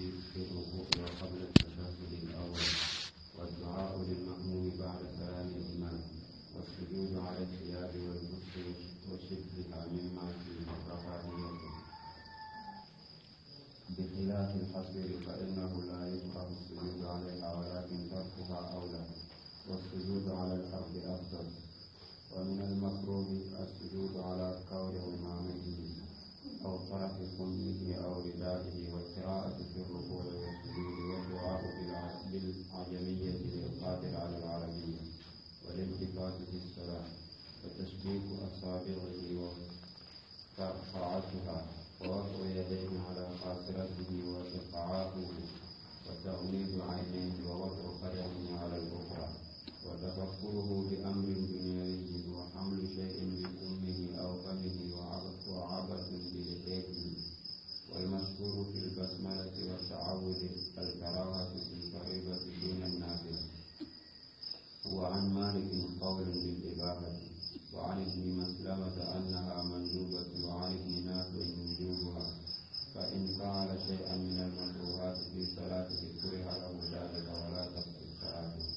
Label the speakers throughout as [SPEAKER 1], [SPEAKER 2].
[SPEAKER 1] في الركوع وقبل التشهد الاول والدعاء للمأموم بعد سلام الامام والسجود على الثياب والكف وشدها مما فيه رفاهيته بخلاف الحصير فإنه لا يكره السجود عليها ولكن تركها أولى والسجود على الأرض أفضل ومن المكروه السجود على كور إمامته أو طائف به أو بباله والقراءة في الركوع والسجود والدعاء بالعجمية للقادر على العربية والالتفات في الصلاة وتشبيك أصابعه وترفعتها ووضع يديه على قاصرته وتقعاته وتغميض عينيه ووضع قدمه على الأخرى وتفكره بأمر دنيوي وحمل شيء وعن مالك قول للإباحة وعن ابن مسلمة أنها مندوبة وعن ابن نافع وجوبها فإن فعل شيئا من المكروهات في صلاة كره له ذلك ولا تبطل صلاته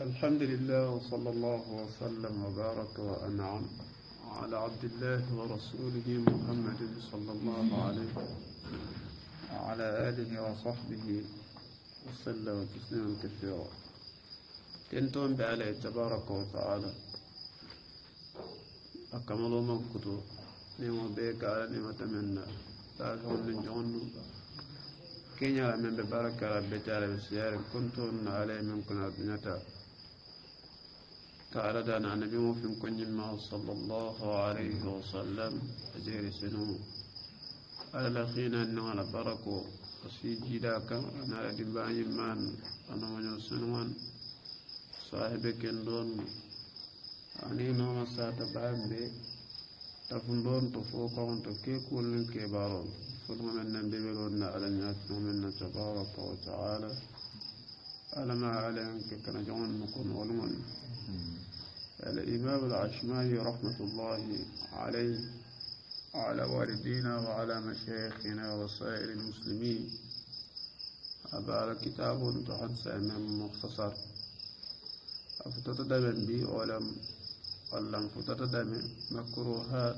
[SPEAKER 2] الحمد لله وصلى الله وسلم وبارك وأنعم على عبد الله ورسوله محمد صلى الله عليه وعلى آله وصحبه وسلم تسليما كثيرا تنتون بعليه تبارك وتعالى أكملوا نعم، نعم، من كتو نيمو بيك على نيمة تمنى تاجون من جون كينيا من ببارك على بيتار بسيار كنتون عليه من كنا بنتا تعالى دان عن نبي في كن ما صلى الله عليه وسلم أجير سنو على الأخينا أنه على بركة أسيجي داك أنا بأي من أنا من سنوان صاحبك دون أني نوم الساعة ساتبان بي تفندون تفوقون تكيكون من كبارون فلما من نبي بلون على الناس من تبارك وتعالى ألما على أنك كان نكون ولمن الإمام العشماني رحمة الله عليه وعلى والدينا وعلى مشايخنا وسائر المسلمين أبا كتاب تحدث أمام مختصر أفتت دمن بي ولم ولم فتت دمن مكروهات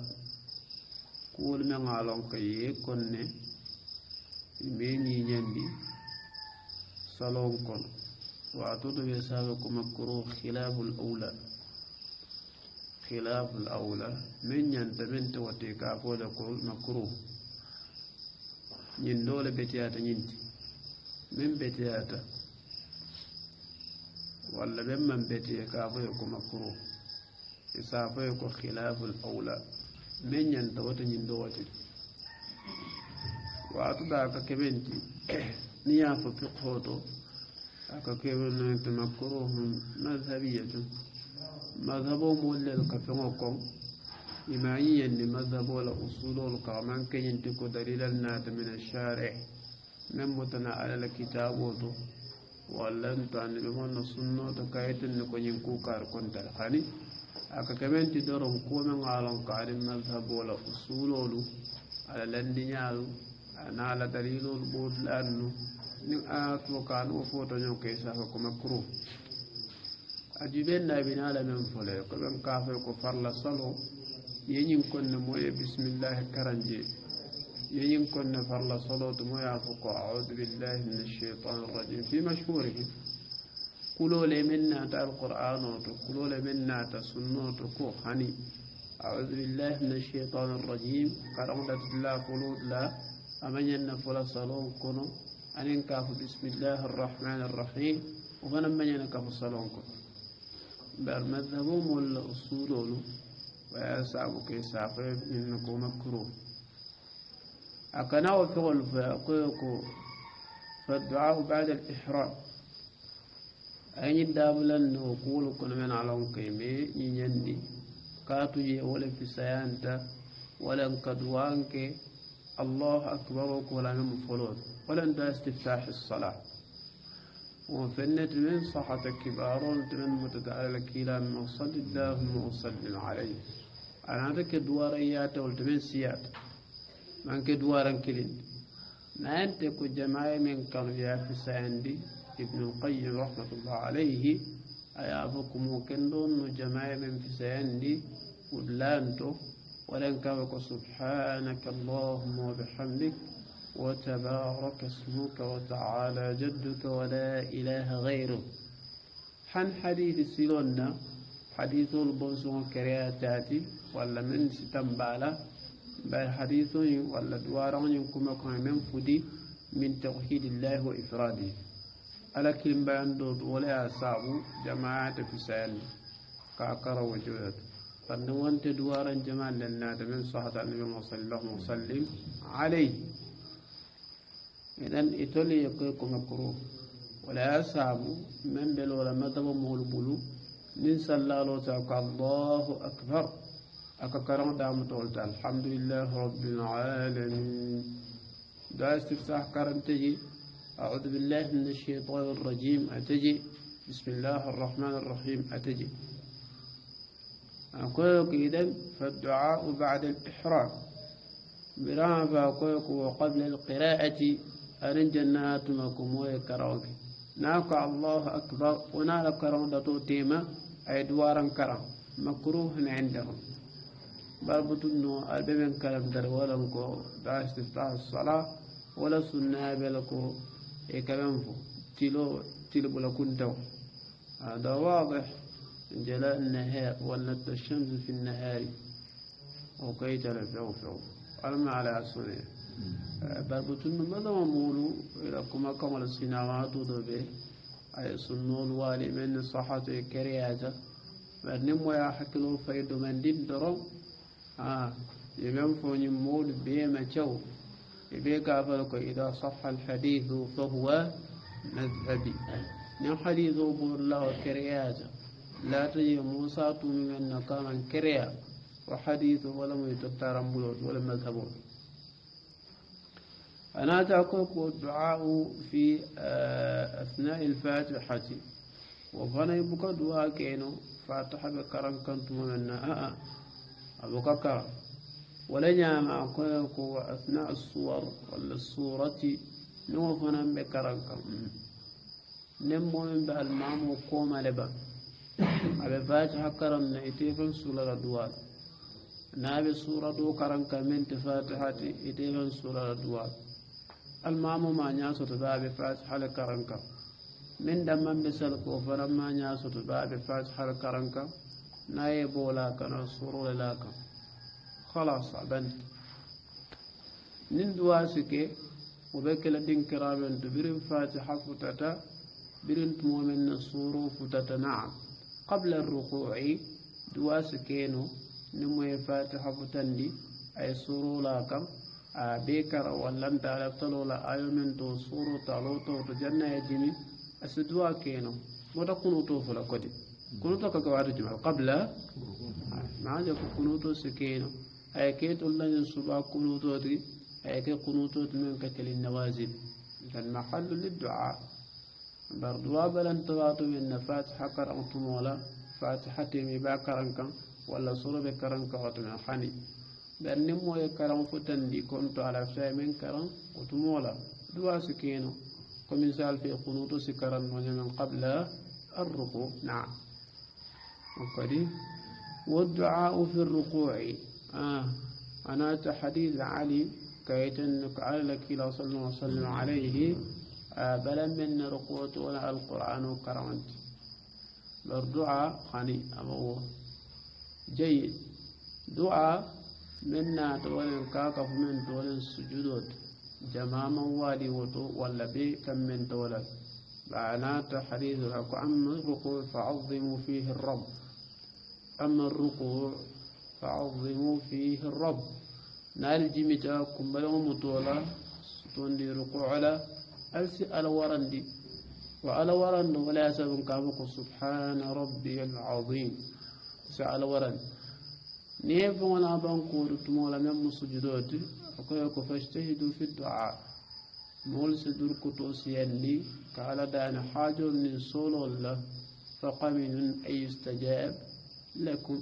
[SPEAKER 2] كل من على كيكن من ينبي صلون كنت وعدود يسابق مكروه خلاف الأولى خلاف الأولى من ينتمن توتي كافو مكروه ñin dole betiyata ñinti min betiyata walla ɓen man betiye kafoye ko makro e safoye ko khilaful aula min ñanta wata ñin do wati watuɗa ka keɓenti ni ya fo fiqhoto كيفن تمكروهم مذهبية مذهبهم ولا الكفنوكم إمعيا لمذهب ولا أصول القرمان كي ينتكو دليلا نات من الشارع نمتنا على الكتاب وطو ولا نتعن بمون السنة تكايت لكو ينكو كار كنت الخاني أكا كمان تدرم كومن على انقار المذهب ولا أصول على لندنيا أنا على دليل البوت لأنه niŋ a tuwokaa niŋ wo foota ñoŋ ka i se a fo ko makuruu a juubee naabi naa la meŋ fo le ko ɓeŋ kaa fo ko farla saloo ye ñiŋ konne moo ye bisimillahi karanje ye ñiŋ konne farla saloo to moo ye a fo ko audu billahi min alcheitan arrajim fi mashhurihim kuloo le meŋ naata alqur'anoo to kuloo le meŋ naata sunnoo to ko hani أعوذ بالله من الشيطان الرجيم قرأ الله فلود لا أمن ينفل صلوه كنو أن كافو بسم الله الرحمن الرحيم وأنا من ينكافو صلونكو بل مذهبهم والأصول ويصعب كي سافر إنكو مكروه أكناو فغل فأقوكو فالدعاء بعد الإحرام أين الدابلا نقول كن من على كيمي ينيني كاتجي ولا في سيانتا ولا كدوانك الله أكبر ولا ولن دا استفتاح الصلاة وفنت من صحة كبار تمن متتعالى من موصل اللهم وسلم عليه أنا عندك دوار إياته والتمن سياته من كدوارا كلين ما أنت جماعة من كانوا في ساندي ابن القيم رحمة الله عليه أيابكم كندون جماعة من في ساندي ودلانتو ولن كبك سبحانك اللهم وبحمدك وتبارك اسمك وتعالى جدك ولا إله غيره حن حديث سيلونا حديث البوسون كرياتاتي ولا من ستنبالا بل حديث ولا دواران كما من فدي من توحيد الله وإفراده على كلمة عندود ولا أصابه جماعة في سيلنا كاكرا وجودت فنوانت دوارا جماعة لنا من صحة النبي صلى الله عليه وسلم عليه إذن إتولي يقيق مكروه ولا أصحاب من بلول مدب مولبولو من صلى الله تعالى الله أكبر أكبرون دام تولت الحمد لله رب العالمين دعا استفتاح كرم تجي أعوذ بالله من الشيطان الرجيم أتجي بسم الله الرحمن الرحيم أتجي أقولك إذن فالدعاء بعد الإحرام برافا أقولك وقبل القراءة أرن جنات مكم ويكرونك ناك الله أكبر ونال كرون دتو تيما عدوارا كرام مكروه عندهم بربط النو أربعين من كلام دروالنكو باش تفتح الصلاة ولا سنة بلكو إكرام فو تلو تلو لكون دو هذا واضح جلاء النهار ولا الشمس في النهار وكيت لفعو فعو, ألم على أسره بربطن أنا دام مولو أنا كما كما أنا دوبه أي أنا والي من أنا كرياجة فنمو أنا حكلو فيدو أنا دين درو أنا آه، يمن فوني أنا بيما تشو أنا أفرك إذا أنا الحديث فهو أنا نحن حديث أنا كرياجة لا أنا موسى تومي أنا نقام كرياجة وحديثه ولم يتطار بلوت ولا مذهبون أنا تعقوك الدعاء في آه، أثناء الفاتحة وفانا يبقى دعاء كينو فاتحة بكرم كنت ممنا آه، آه، أبقى كرم ولن يعمع كويكو أثناء الصور ولا الصورة نوفنا بكرم كنت نمو من بها المعمو قوم لبا أبي فاتحة كرم نأتي فنسولة دعاء نابي سورة دو كرنك من تفاتحة إتيفن سورة دو المامو ما نياسو تبابي فاتحة لكرنك من دمان بسلكو ما نياسو تبابي فاتحة لكرنك نايبو لاكنا سورة لاكا خلاص بنت نين دوا وبك لدين دين كرامن تبرم فاتحة فتتا برنت مؤمن سورة فتتا نعم قبل الركوع دواسكينو نموي فاتحة فتندي أي سورو لاكم بيكر ولن تعرف تلو لا أي من تو سورو تلو تو تجنة يجيني أسدوا كينو مودا كنوتو فلا كودي كنوتو كقواعد الجمع قبل ما جا كنوتو سكينو أي كيت الله ينصب كنوتو دي أي كي كنوتو تمن كتل النوازل كان محل للدعاء برضو بلن تواتو من فاتحة كرم تمولا فاتحة مباكرا كم ولا صورة بكرم كعطنا حني بأن مو يكرم فتن دي كنت على فشاي من كرم وتمولا دوا سكينو كمثال في قنوط سكرم ومن قبل الركوع نعم وكدي والدعاء في الركوع آه. أنا تحديث علي كيت أنك على لك إلى صلى الله وسلم عليه آه بل من ركوت ولا القرآن كرمت بل دعاء خني أبوه جيد دعاء منا تولن كاكف من تولن سجود جماما والي وتو ولا بي كم من تولن بعنات حديث لك أما الركوع فعظموا فيه الرب أما الركوع فعظموا فيه الرب نال كم بلوم متولا ستوندي ركوع على ألسي الورندي وعلى ورند ولا يسبن كابك سبحان ربي العظيم سعال ورد نيف ولا بانكور تمولا من مسجدات أكويكو فاجتهدوا في الدعاء مول سدور كتوسيان لي قال دان حاجة من صول الله فقمن أن يستجاب لكم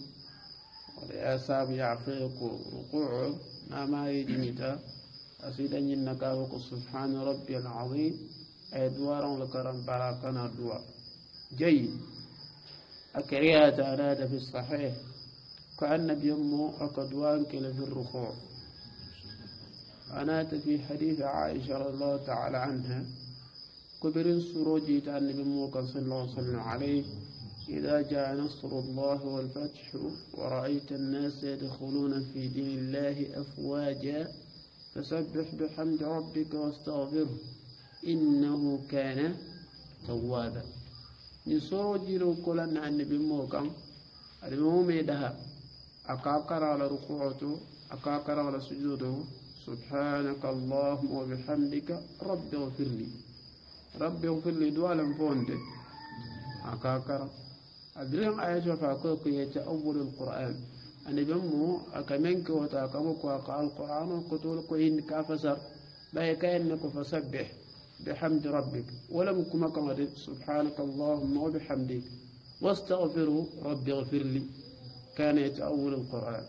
[SPEAKER 2] ولا أصاب يعفيكو رقوع ما ما يجمتا أسيدا ينكاوكو سبحان ربي العظيم أدوارا لكرم براكنا الدعاء جيد أكريات هذا في الصحيح كأن بيمه أقد وانكل في الرخوع أنا في حديث عائشة رضي الله تعالى عنها كبر سروجي تان بموك صلى الله وسلم عليه إذا جاء نصر الله والفتح ورأيت الناس يدخلون في دين الله أفواجا فسبح بحمد ربك واستغفره إنه كان توابا ni soro jiro kolan na annabi mo kan albi mo me daha aka karala ruku'atu aka karala sujudu subhanaka allahumma wa bihamdika rabbi ighfirli rabbi ighfirli dualan fonde aka kara adrin ayato fa ko ko yace awwalul qur'an annabi mo aka men ko ta kamo ko aka alquran ko to ko in ka fasar bai kayan ko fasabbih بحمد ربك ولم كما سبحانك اللهم وبحمدك واستغفره ربي اغفر لي كان يتأول القرآن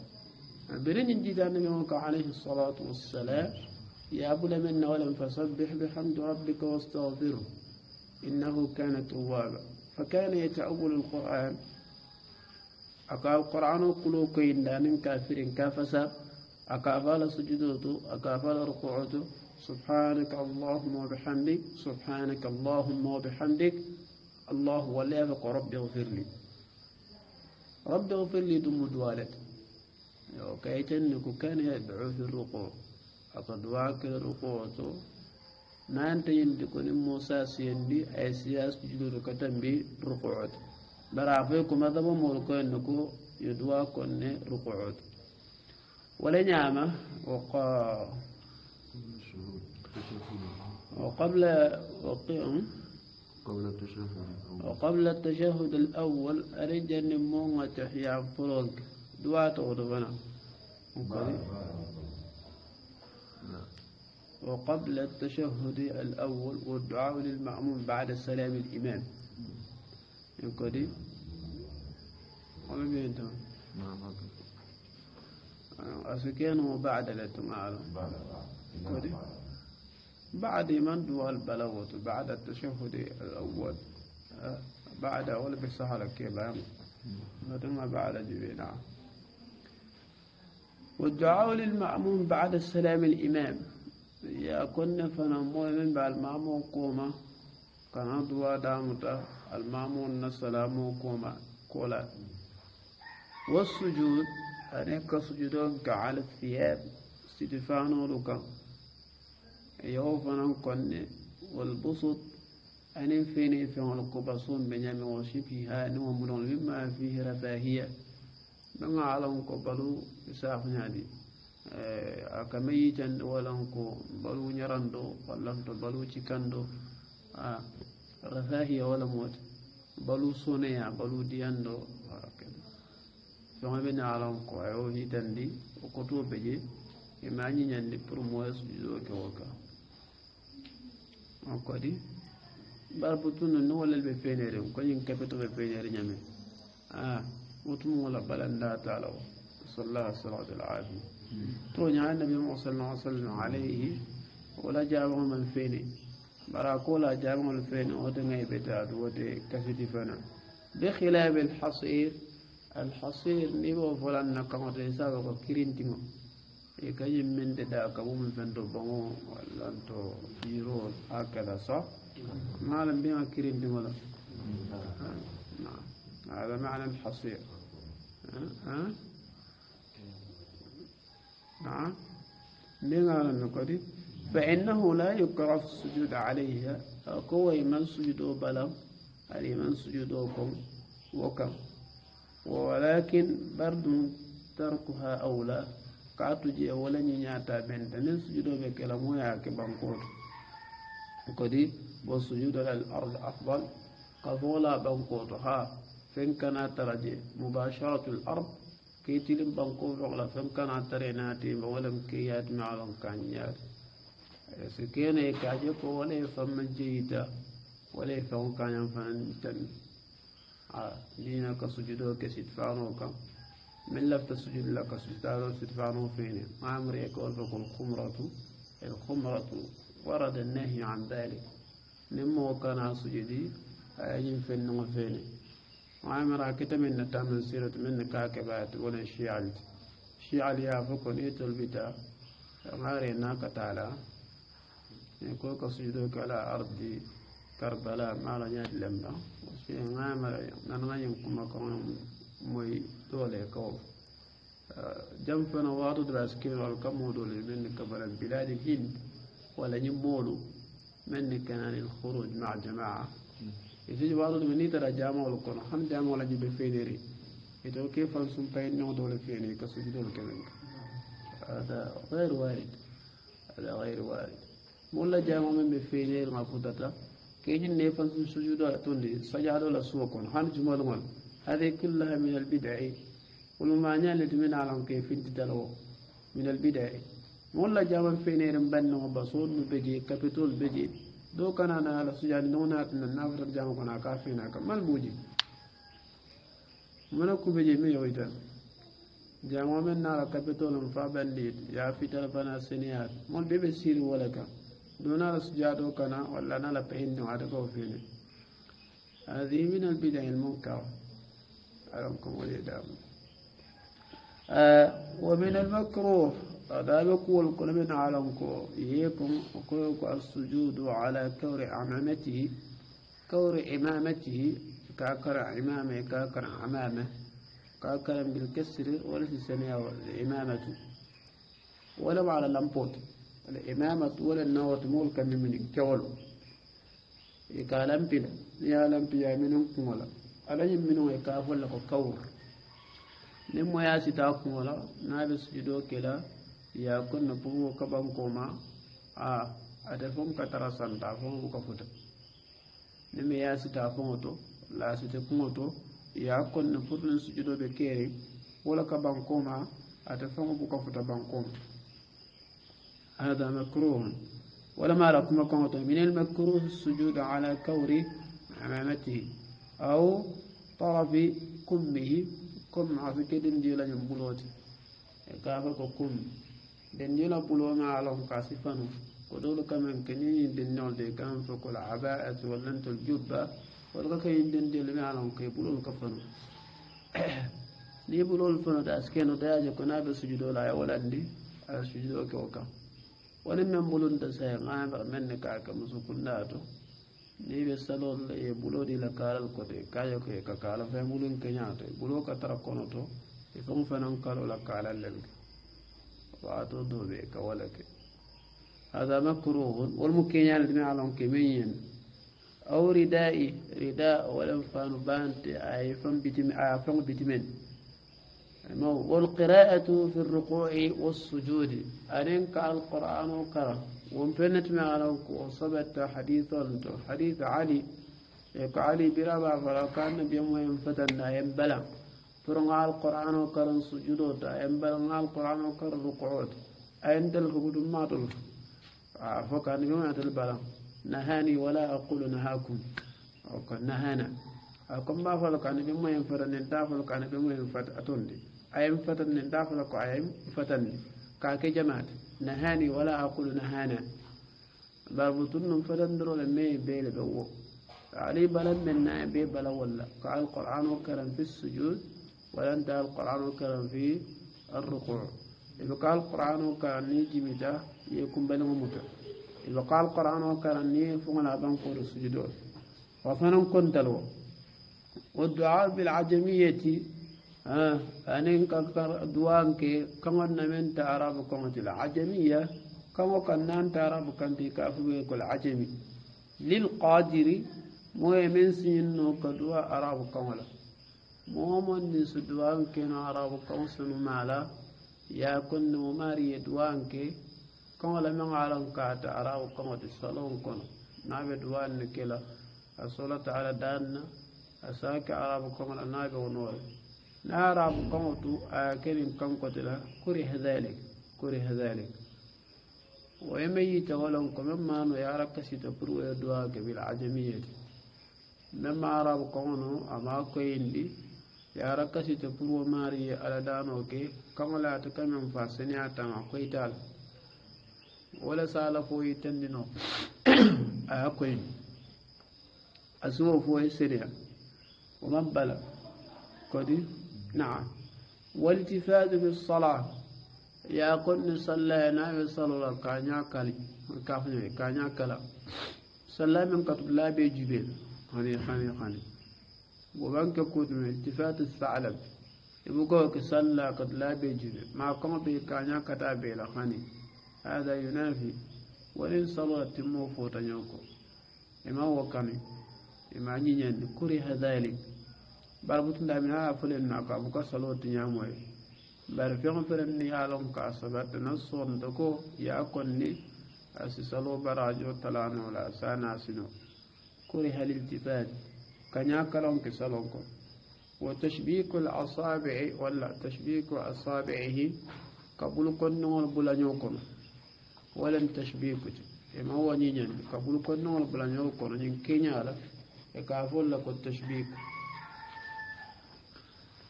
[SPEAKER 2] برين جدا أن عليه الصلاة والسلام يا أبو لمن ولم فسبح بحمد ربك واستغفره إنه كان توابا فكان يتأول القرآن أكا القرآن قلوكين دان كافر كافسا أكا فال سجدوته أكا فال سبحانك اللهم وبحمدك سبحانك اللهم وبحمدك الله ولا يفق رب اغفر لي رب اغفر لي دم دوالت وكايتنك كان يدعو في الرقوع أقد واك الرقوع رقوعته نانت يندكون موسى بي أي سياس جلور كتن بي رقوعته برافيكم هذا بمولكو إنكو يدواكن رقوعته ولا نعمة وقال وقبل وقبل التشهد الأول أريد أن نمونا تحيا فرق دعاء تغربنا نعم. نعم، نعم. وقبل التشهد الأول والدعاء للمأموم بعد السلام الإمام يمكن ولا بينتم أسكين وبعد لا تمعلم بعد بعد من دوا البلوة بعد التشهد الأول بعد أول بسهر كيبان ثم بعد جبينا والدعاء للمأموم بعد السلام الإمام يا كنا فنمو من بعد المأموم قوما كان دوا دامتا المأموم السلام قوما كولا والسجود أنك سجود كعلى الثياب استدفانه لكم يوفنن كن والبسط أن فيني فين القبصون بنيام وشبهها نو من مما فيه رفاهية من عالم قبلو يسافن هذه a ka meyyitande walanko balu ñarando wallanto balu cikando a rafahiya wala moote balu soneya balu diyando feŋo be ne alanko a yo hitandi o kotoɓe je ima ñiñandi pour moye sujudo ke wo kan أكادي باربطون النو ولا البفينير يوم كنجن كبتو بفينير نعمي آه وتم ولا بلن لا تعلو صلى الله صلى الله عليه وسلم تونيا النبي صلى الله عليه وسلم عليه ولا جابوا من فيني براكولا جابوا من فيني وتنعي بتاد وتي كفتي فنا بخلاف الحصير الحصير نبو فلان نكمل إنسان وكيرين تيمو من دا min من فندو mumen fento baŋo walla to biirowol hakada so maala mbiyaŋa kirindiŋola هذا معنى حصير نعم من على النقدي فإنه لا يكره السجود عليها قوة من سجدوا بلم علي من سجدوكم وكم ولكن برد تركها أولى kaatu je wala ñi ñaata bente nin sujudoɓe kela moya ke ko di bo sujudal al ard afdal kafola bankoto ha fen kana taraje mubasharatu al ard tilim keytilim la fen kana tarena tare mo walam keyatima alon kaññaati si kene kaje ko wala e famma jeyita wala e fen fan tan tanni a dina ka sujudo ke sit faano kam من لفت سجود لك سجدار فيني ما أمر يقول لك الخمرة الخمرة ورد النهي عن ذلك نمو وكان سجدي أجن في النغفين ما أمر أكتا من نتامن سيرة من كاكبات ولا شيعلت شيعل يا فكون إيتل بتا غاري تعالى يقول سجدك على أرض كربلاء ما لا يدلم وشي عمر نغيم كما كون موي سولي كوف آه، جم فنا وارد باسكين والكمودو من كبر بلاد الهند ولا يمولو من كان الخروج مع جماعة يسجي وارد من نيتر جامع والكون خم جامع ولا جيب فينيري يتو كيف انسون بين نو دول فيني كسجدون كمان هذا غير وارد هذا غير وارد مولا جامع من بفينير ما فوتتا كيجن نيفان سجودا توندي سجادو لا سوكون هان جمال مال هذه كلها من البدع والمعنى من عالم كيف تدلو من البدع مولا جاما في نير بن وبصور بجي كابيتول بجي دو كان انا على سجاد من نافر جام كنا كافينا كمال بوجي منكو بجي مي ويتان جامو من نارا كابيتول فا بنديت يا في تلفنا سينيات مول بيبي سير ولا كان دون على سجادو كنا ولا انا لا بين نوادكو فيني هذه من البدع المنكره عنكم والإعدام آه ومن المكروه هذا بقول كل من عالمكم إيكم وكلكم السجود على كور عمامته كور إمامته كاكر عمامة كاكر عمامة كاكر بالكسر وليس سميها الإمامة ولو على لمبوت الإمامة ولا النوة ملكا من الكول يكالمبنا يا لمبيا منهم كمولا ala ñiŋ minnu ye kaa fo le ko kawur niŋ mo ye a sita kuŋo la niŋ a be sujudoo ke la ye a konna pubuo ka bankoo ma a ate fo ka tara santa fo mu ka futa niŋ mi ye a sita kuŋo to la a sita kuŋo to ye a konna pour niŋ sujudoo be keeriŋ wo le ka bankoo ma ate faŋo buka futa bankoo ma hada makruhun walama ala kuma kaŋo to min almakruh sujudu ala kawri amamatihi aw tarafi kummihi kum afi kedin jilañu buloti e kafa ko kum den jila buloma alon ka sifanu ko dolu kamen kenii din nolde kam fokol abaati wallantol jubba walka ka yin den jilmi alon kay bulol ka fanu ni bulol fanu da askeno daaje ko naɓe sujudo la ya walandi a sujudo ke o kam wani men bulunta sa ngaba menne kaka musukunda to ni be salol e bulo di la kalal kote kayo ke ka kala fe mulun ke nyaate bulo ka tara kono to e fam fanan kalo la kalal len wa to do be ka wala ke hada makruh wal mukiyan dina alon ke men aw ridai rida wala fanu bante ay fam bitim ay fam bitimen والقراءة في الركوع والسجود أرنك القرآن وقرأ ومفنت عليك وصبت حديثا حديث علي يك علي برابع فلو كان بيوم ينفتن ينبلا فرنع القرآن وقرأ سجودوت ينبلا القرآن وقرأ ركوعوت أين تلفقد ما فكان بيوم ينبلا نهاني ولا أقول نهاكم أو كان نهانا أكم ما فلو كان بيوم ينفتن ينتافل كان بيوم ينفتن أتندي أيام فتن ندافع لك أيام فتن كاكي جماعة نهاني ولا أقول نهانا باب بابتن فتن درو لمي بيل بو علي بلد من نائب بلا ولا قال القرآن وكرم في السجود ولا انتهى القرآن وكرم في الركوع إذا قال القرآن وكرم نيجي متى يكون بلا متى إذا قال القرآن وكرم ني لا بنقول السجود وفنن كنت له والدعاء بالعجمية anin duwan ke kangon namin ta arabu kangon til ajamiya kango kannan ta arabu kanti kafuwe kul ajami lil qadiri moye min sinno ka duwa arabu kangola momon ni su duwan ke no arabu kango sunu mala ya kunni mo mari duwan ke kangola min alan ka ta arabu kango ti salon kono nabe duwan ni kila a solata ala danna a sake arabu kangola nabe wonore naara kamatu a kenin kankoti la kuri hedhalik kuri hedhalik wa yeme yite holon ko men maano ya arab kasito pour wo duwake bil ajamiyati men ma arab kamono ama koyindi ya arab kasito pour wo maari ye ala daano ke kamalaata kamen fa senia tanga koytaal wala sala fo yi tendino aya koyin a suwo fo ye senia o man bala kodi نعم والتفات في الصلاة يا قلنا نعم، صلينا يصلى الله كان يأكل كافني كان يأكل صلى من كتب لا بيجبل خاني خاني خاني وبن كود من التفات الثعلب يبقوك صلى قد لا بيجبل ما قام به كانيا كتابي خاني هذا ينافي ولن صلاة تمو يوكو إما هو وكاني إما نيني كره ذلك bar butunda mina a fulen na ko abuka salo tiñamoye bari feŋo feren ni ye a loŋ ka sabati na sonto ko ye a konni a si salo barajo talano la sa na sino kuri haliltifat kaña kalon ki salon ko wa tashbiku alasabii walla tashbiku asabiihi kabulu konniŋol bulaño kono walan tashbiku ti ima waniñandi kabulu konniŋol bulañol kono ñiŋ keña la e ka fol la ko tashbiku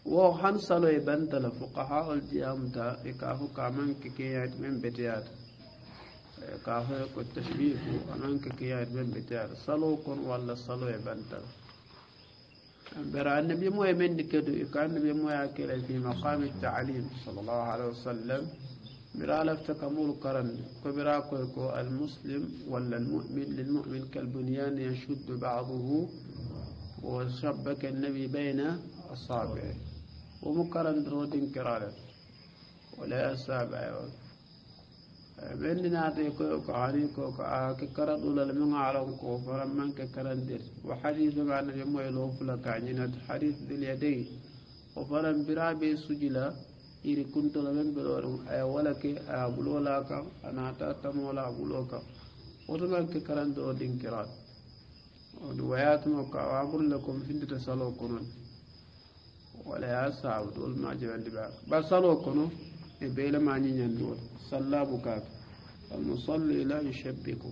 [SPEAKER 2] وحن سلوي بنت الفقهاء الجامدة إكاهو كامن كيكيات من بتيات إكاهو كتشبيه أمن كيكيات من بتيات سلو كن ولا سلو بنت برا النبي مو من كدو كان النبي مو يأكل في مقام التعليم صلى الله عليه وسلم برا لفتكمول قرن كبرا كو المسلم ولا المؤمن للمؤمن كالبنيان يشد بعضه وشبك النبي بين أصابعه ومقارن درود انكرار ولا أسابع بين نادي كو كاني كو كا كرد ولا لم يعلم كو فرما كرد دير وحديث ما نجمع له فلا كاني نت حديث ذي يدي وفرما برابي سجلا إيري كنت لمن بدورم أي ولا كي أبلو لا كم أنا تا تمو لا أبلو كم وتما كرد دين كرات ودوايات مكاوابر لكم فين تتسلو كنون wala ya sawdu wol majibandi ɓaaka bar salo kono e beela ma ñiñandi wol salla bukaaka almusallu la yushabbiku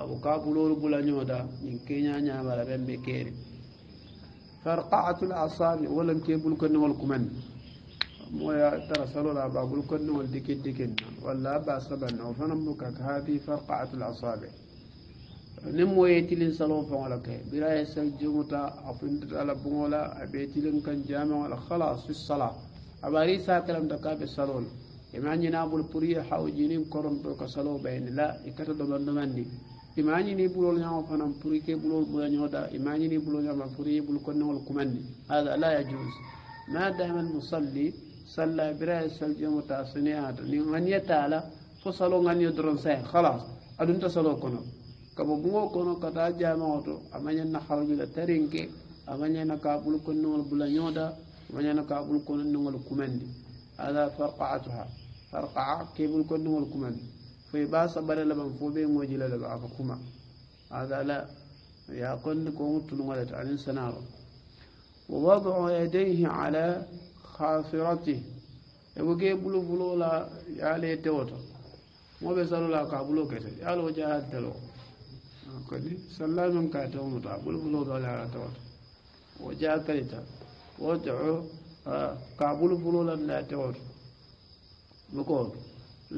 [SPEAKER 2] abu kaabulolu bulañooda ñin keñañamala ɓen ɓe keeri farqaatu l asabi wolam ke bulkonnewol kumen moya tara salola ba bulkonnewol dikin dikin walla ba sabanna o fanan bukaaka haadi farqaatu l asabi nin mo ye tilin salon fɛŋo la kɛ bira ye sel jimuta a funtita ala buŋo la a be tilin kan jamiŋo la halas fi sala a bari sa kalamta ka be salo la ima ñina bul pour ye haw jinin koronto ka salo bayni la i kata doman domandi ima ñini bulol ñamo fanan pour ke bulol bula ñoda ima ñini bulol ñama pour ye bul konneŋol kumandi hada la yajuse ma dama almusalli salla bira ye sel jimuta siniyata ni ŋaniyata la fo salo ŋaniyo doron sahe halas adunta salo kono kabo bungo kono kata jamawoto amañanna hawjula tarinke amañana kabul konniŋol bula ñooda amañana kabul konniŋol kumandi ala farqaatuha farqaa kebul konniŋol kumandi foye ba sabare laban fo be ŋojila laba aka kuma hada la ya konni koŋo tuluŋolete aniŋ sanaro wa wadu yadayhi ala khasiratih ebo ke bulu fulo la yaale tewoto ŋo be salo la kabulo kete yaalo jahattelo kodi salla men ka taw mu ta bul bulo do la taw o ja kalita o to ka bul bulo la la taw luko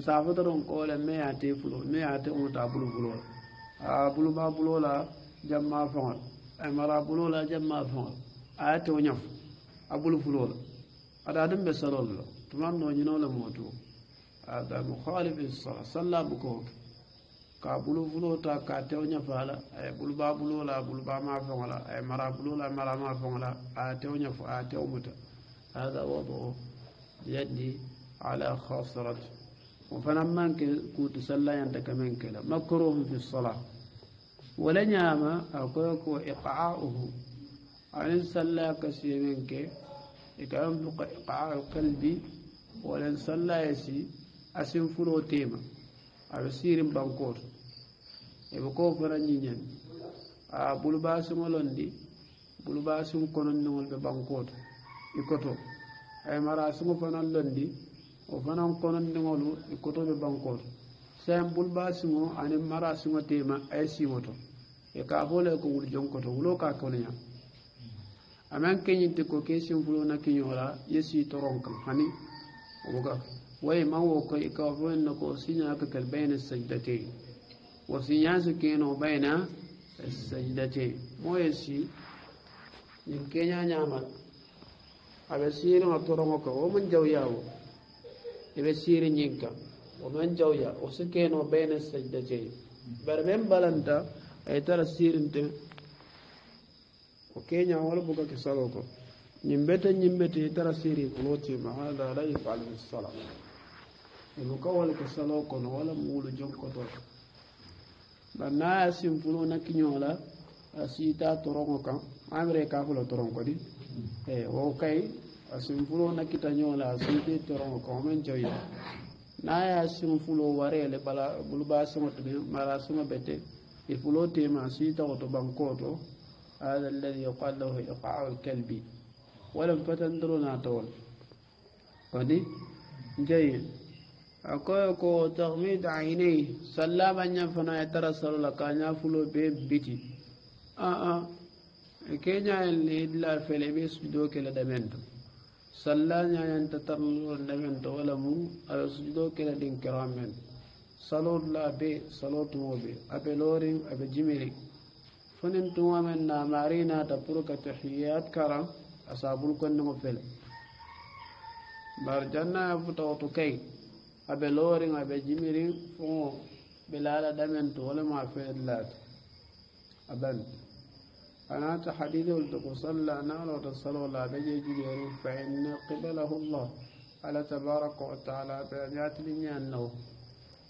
[SPEAKER 2] safa don ko le ta ya te fulo me ya te mutu a bulbulo a bulu ma bulo la jamma fama a mara bulo la jamma fama a to nyaf a bulbulo da a ada dum be salol la tuman no nyino la moto ada mukhalif sallallahu alaihi wasallam ka bulu bulo ta ka tew ñafa la aye buluba bulo la buluba ma feŋo la aye mara bulo la mara ma feŋo la a tew ñafa a tew muta hada wadu yadi ala khasrat o fana manke kuutu sallayanta ka men ke la makruhu fi sala wala ñaama a koyo ko iqa'uhu anin sallaya ka siye men ke e ka yon buka iqa'u qalbi walan sallaya si asin fulo tema aɓe sirin bankoto ebe ko fana ñiñan a bulubasuŋolon di bulubasuŋ kononniŋol be bankoto i koto ay marasuŋo fanaŋ londi o fanaŋ kononniŋolu i ikoto be bankoto sayin bulubasuŋo aniŋ marasuŋo tema a tema siŋo to e ka fo la ko wulu jonkoto wulo ka konoya amaŋ keñinti ko ke sinfulo na kiño la ye si toron hani o ga way maŋ wo ko i ka fo na ko sinya ka kel bayna sajdatain wa fi ñaasi keeno bayna sajdatin moo ye si ñin keeña ñaamal a ɓe siirino toroŋo ka wo man jawyawo e ɓe siiri ñin ka wo man jawya wa si keeno bayna sajdatin bare men balanta aye tara siirinte o keeña wala buga ke saloo ko ñin bete ñin bete tara siiri kulootima hada la yifalu bisala ɗum ka wala ke saloo kono wala muulu jonkotoo banna a simpulu na kiñola a siita toroŋo kaŋ maamire ka fo lo toroŋ kodi e wo kay a simpulo na kita ñola a siite toroŋo kaŋ omeŋ cawya na ye a simfulo ware le bala buluba siŋo tumi mara siŋo bete ifulo tema a siita woto bankoo to hada alladi yuqal lahu iqaau lkalbi walam fatandiro naatawol kodi njeyin akoyo ko tahmid ainai sallama ñam fana e tara salola ka ñafulo be biti aa keñayel hidla fele ɓe sujudo kele ɗamento salla ñayanta tarlol ɗamento wala mu aɓe sujudo kele ɗin keramen salotla be salotumo be aɓe lori aɓe jimiri fonin tumamen na marinata pour que tahiyat kara a sabul kondemo fele bar jannaya futawto kay aɓe loworiŋ aɓe jimiriŋ fuŋo ɓe laala ɗamen to wolema feer laate abanta أنات حديث صلى نار وتصلوا لا بجي فإن قبله الله على تبارك وتعالى بأنيات لني ko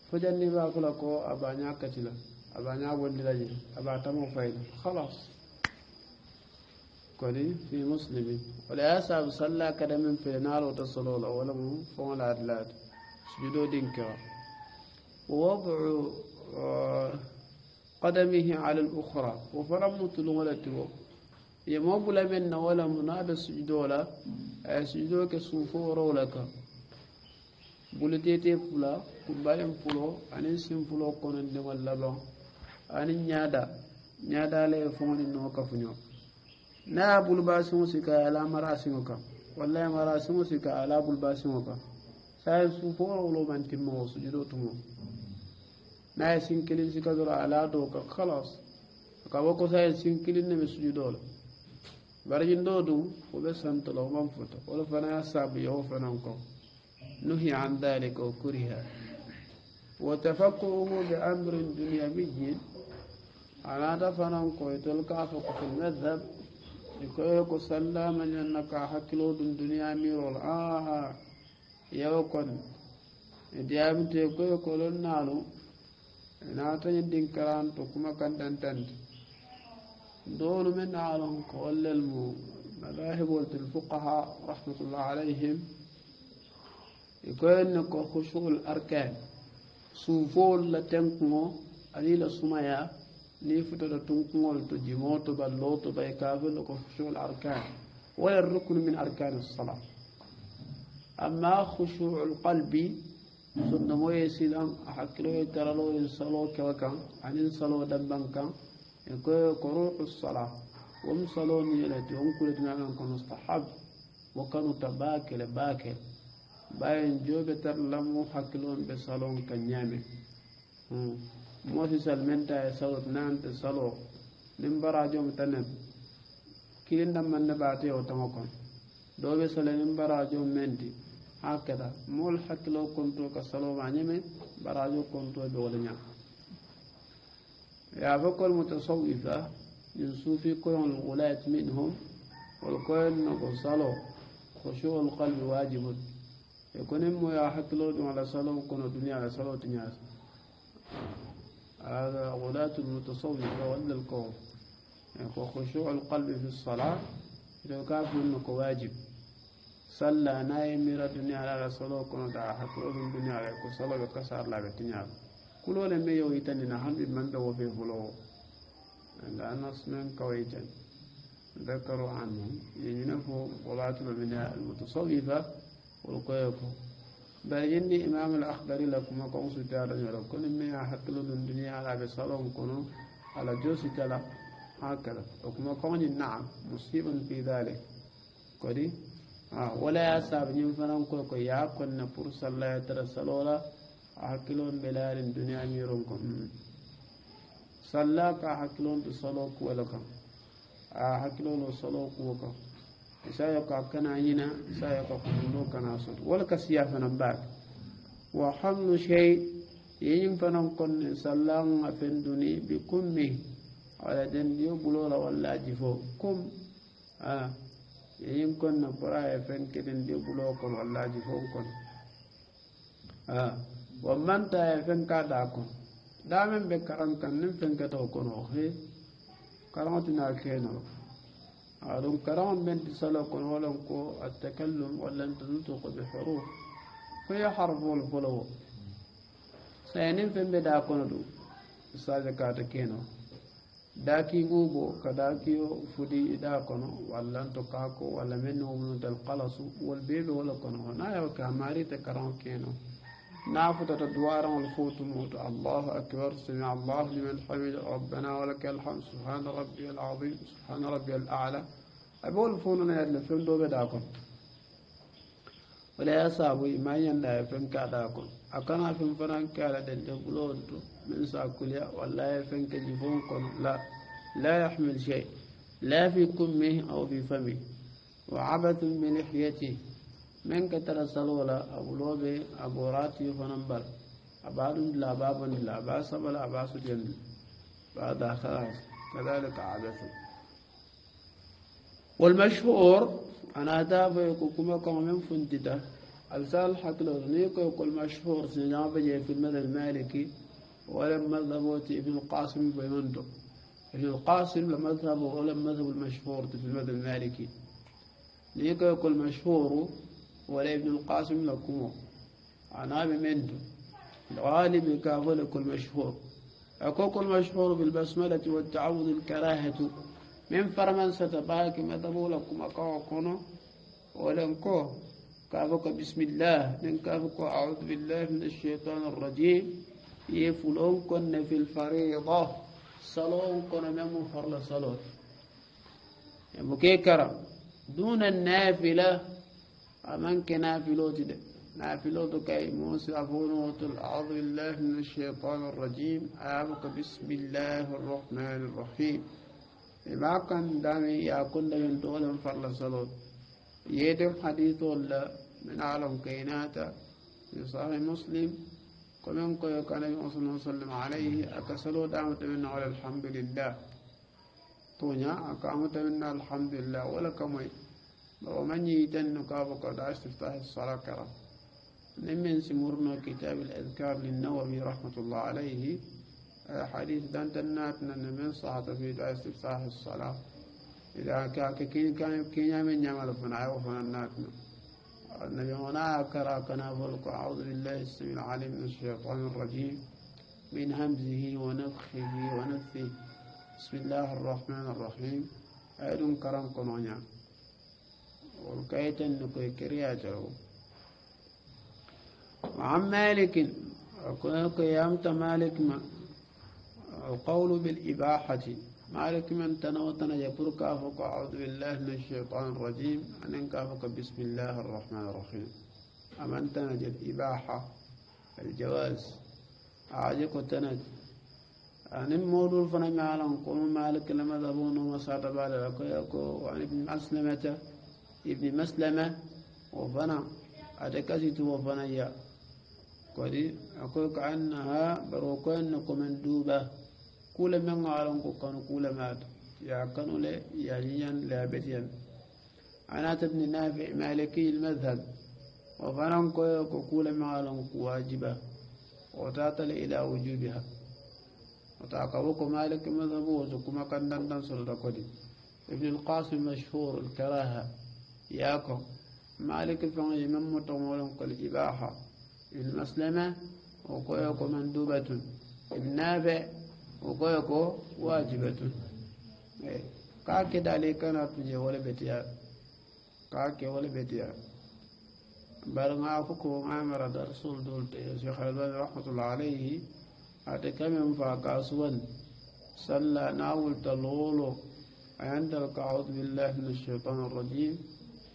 [SPEAKER 2] فجني باكلكو أبانيا كتلا أبانيا ولدلجي أبا تمو فايد خلاص كوني في مسلمي ولا أسأل صلى كدم في نار وتصلوا لا ولم لا أدلات جدودك ووضع آه، قدمه على الأخرى وفرم تلغلته يما بلا ولا مناد سجدولا سجدوك سوفو رولك بولتيتي فلا كبالين فلو أنين سن فلو كونن دمال لبن أنين نيادا نيادا لي فوني نوكا فنيو na bulba sun suka ala marasimuka wallahi marasimu suka ala bulba sun سايسو فورو لو من تمو سجدو تمو ناي سينكلين سي كدر على دوك خلاص كابو كو ساي سينكلين نمي سجدو لا بارين دودو خوبه سنت لو مام فوتو ولا فنا ساب يو فنانكو نهي عن ذلك وكره وتفقهه بامر دنيوي على دفنان كويت الكافق في المذهب يقول سلام من النكاح كلود الدنيا مير الآخر آه. yewo kono e diyabinte koye kolon naalu naatañi ɗinkaraan to kuma kantantante doolu men aalon ko ollel mo madahibol tel fuqaha rahmatullah alayhim e koyenne ko hushul arkan suufowol la tenkuŋo ani la sumaya ni futata tunkuŋol to jimoo to balloo to bay kaafel ko hushul arkan wala ruknu min arkani sala أما خشوع القلب سنة مو يسيلان أحكرو يترلو يصلو كوكا عن صلو دبنكا يكو قروح الصلاة وم صلو نيلتي وم كل دماغن كن مستحب وكانوا تباكل باكل باين جو جوب ترلمو حكلون بصلون كنيامي موسي سلمنتا يصوت نانت صلو من براجو متنب كلين دمان نباتي وتمكن دوبي سلمن براجو منتي هكذا مول حق لو كنت كسلو معني من براجو كنت بولنيا يا فكر متصوفة يصوفي كل الغلات منهم والكل نقصلو خشوع القلب واجب يكون مو يا حق لو دون على سلو كون الدنيا على سلو الدنيا هذا غلاة المتصوفة ولا القوم يعني خشوع القلب في الصلاة إذا كان منك واجب صلى نايم mira على la salo kono da hakko dum duniya la صلاة salo be kasar la be tinya kulole me yo itani na hambi man be wobe bulo anda anas men kawaitan ذكروا عنهم ينفوا وبعثوا من المتصوفة والقيكم بل إني إمام الأخبر لكم وكم ستارا الدنيا على على هكذا وكما نعم في ذلك Ah, wala ya sabu ñiŋ fanaŋ koy ko ye a pour salla ye tara saloo la a hakkiloŋ be laariŋ duniyaa miiroŋ ko mm. salla ka a hakkiloŋ to saloo kuwo le kaŋ a hakkiloo lo saloo kuwo kaŋ isa yo ka kana ñina isa yo ka kumundoo kana soto wala ka siya fanaŋ baake wa hamlu chey yeñiŋ fanaŋ konne sallaŋ a feŋ duni bi kummi ala dendiyo buloo la walla jifo kum ah يمكن نبرا يفن كدن دي بلو كن ولا جفون كن آه. ومن تا يفن كادا كن دامن بكرم كن نفن كتو كن وخي كرم تنا أرون كرم من تسلو كن ولن كو التكلم ولن تنطق بحروف فهي حرف البلو سينين فن بدا كن دو ساجة كادا داكي غوغو كداكيو فودي إدا كنو واللان تقاكو ولا منو منو تلقلسو والبيبي ولا كنو نايا وكاماري تكران كينو نافو تتدوارا والفوت موت الله أكبر سمع الله لمن حمد ربنا ولك الحمد سبحان ربي العظيم سبحان ربي الأعلى أبو الفونو نايا لفهم دو بداكم ولا يا صاحبي ما ينلا يفهم كاداكم أكنا فهم فنان كالا دنجا قلو من ساكليا ولا يفنك جفون لا لا يحمل شيء لا في كمه أو في فمه وعبث بلحيته من كتر سلولا أبو لوبي أبو راتي فنمبر أباد لا باب لا باس ولا أباس جند بعد خلاص كذلك عبث والمشهور أنا أتابع يكوكما من فندته أبسال حق لغنيك يقول مشهور سنجابة في المدى المالكي ولما مذهب ابن القاسم بمندق ابن القاسم مذهب ولم مذهب المشهور في المذهب المالكي ليك يقول مشهور ولا ابن القاسم لكم أنا بمندق الغالب كافل يقول مشهور أكوك المشهور بالبسملة والتعوذ الكراهة من فرمان ستباك مذهب لكم أكوكونا ولنكو كافك بسم الله من كافك أعوذ بالله من الشيطان الرجيم یه كن في الفريضة الفریضه صلو کنه ممو فرلا صلو يعني كرم دون النافلة أمن كنافلو جدا نافلو تكاي موسى أبونوت أعوذ الله من الشيطان الرجيم أعبك بسم الله الرحمن الرحيم إما كان دامي يكون من دول فرلا صلوت يدم حديث الله من عالم كيناتا في صحيح مسلم كمن كي كان يوصل صلى الله عليه وسلم عليه أكسلو دعمة منا على الحمد لله تونا أكامة منا الحمد لله ولا كمي لو من يتن كابك دا استفتاح الصلاة كرم نمن سمرنا كتاب الأذكار للنووي رحمة الله عليه حديث دان تناتنا نمن صحة في دعاء استفتاح الصلاة إذا كان كين كان كين يمن يعمل فنعي وفناناتنا النبي وانا كراكنا فلك اعوذ بالله السميع العليم من الشيطان الرجيم من همزه ونفخه ونفثه بسم الله الرحمن الرحيم أيدن كرم كنونيا والكيتن نكوي كرياته وعن مالك أكون قيامة مالك ما القول بالإباحة مالك من تنوتنا يبر كافك أعوذ بالله من الشيطان الرجيم أن كافك بسم الله الرحمن الرحيم أمن تنج الإباحة الجواز أعجك تنج أن مولول فنم على قوم مالك لما ذبون وصاد بالك يكو عن ابن مسلمة ابن مسلمة وفنا أتكزت وفنيا قد أقولك أنها بروكان كمندوبة kula men alon ko kanu kula mato يا كانوا لا يا ليان لا بتيان عنات بن نافع مالكي المذهب وفنان كوكول معالن واجبة وتاتل إلى وجوبها وتعقبوك مالك مذهب وزكما كان دندن سلطة ابن القاسم مشهور الكراهة ياكم مالك فان يمم تمولن كالإباحة المسلمة وكويك مندوبة ابن نافع وكويكو واجبة كاكي دالي كانت تجي ولا بيتيا كاكي ولا بيتيا بل ما فكو عامر رسول دول شيخ الباني رحمة الله عليه ate kamen fa kasuwan salla nawulta lolo ayandal ka a'udhu billahi minash shaitanir rajim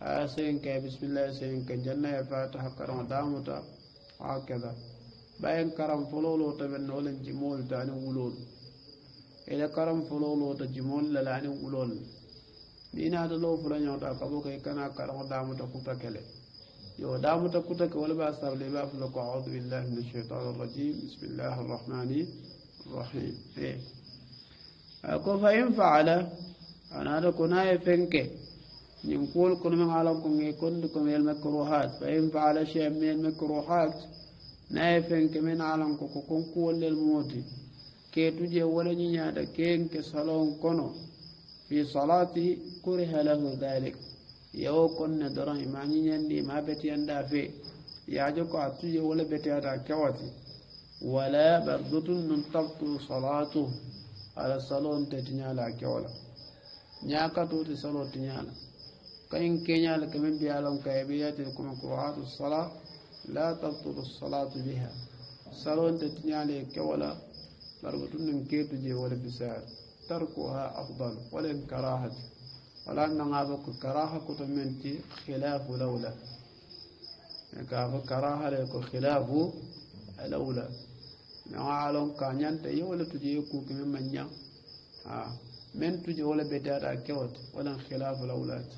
[SPEAKER 2] aya sayin ka bismillah sayin ka janna ya fataha karam damuta hakada bayan karam fololo taben nolen jimol tani wulol إلى كرم فلو لو تجمون للعنو أولون بينا دلو فلان يوتا قبو كي كنا كرم دامو تكوتا كلي يو دامو تكوتا كولي باس تبليبا فلوك عوض بالله من الشيطان الرجيم بسم الله الرحمن الرحيم أكو فإن فعلا أنا دكونا يفنك نقول كل من عالمكم يكون لكم المكروهات فإن فعل شيء من المكروهات نايفن كمن عالمكم كون كل الموتي كيتو جي ولا ني نيادا كين كسالون كونو في صلاتي كره له ذلك يو كون ندرا ما ني ندي ما بيتي اندا في يا جو كو ولا بيتي ادا كواتي ولا بردت من تبط صلاته على صالون تتنيا لا كولا نيا كاتو تي صالون تنيا لا بيالون كايبيات كوم قرات الصلاه لا تبطل الصلاه بها صالون تتنيا لا ضربة كيتو جي ولا بسار تركها أفضل ولا كراهة ولا أن نغابك كراهة كتمنتي خلاف لولا كاف كراهة لك خلاف لولا ما نعالم كانيان تي ولا تجي كوك من منيا آه من تجي ولا بدار كوت ولا خلاف لولات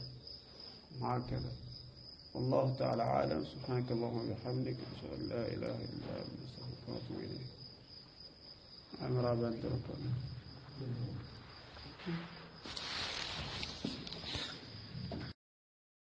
[SPEAKER 2] هكذا والله تعالى عالم سبحانك اللهم وبحمدك أشهد أن لا إله إلا أنت أستغفرك وأتوب إليك अमरावती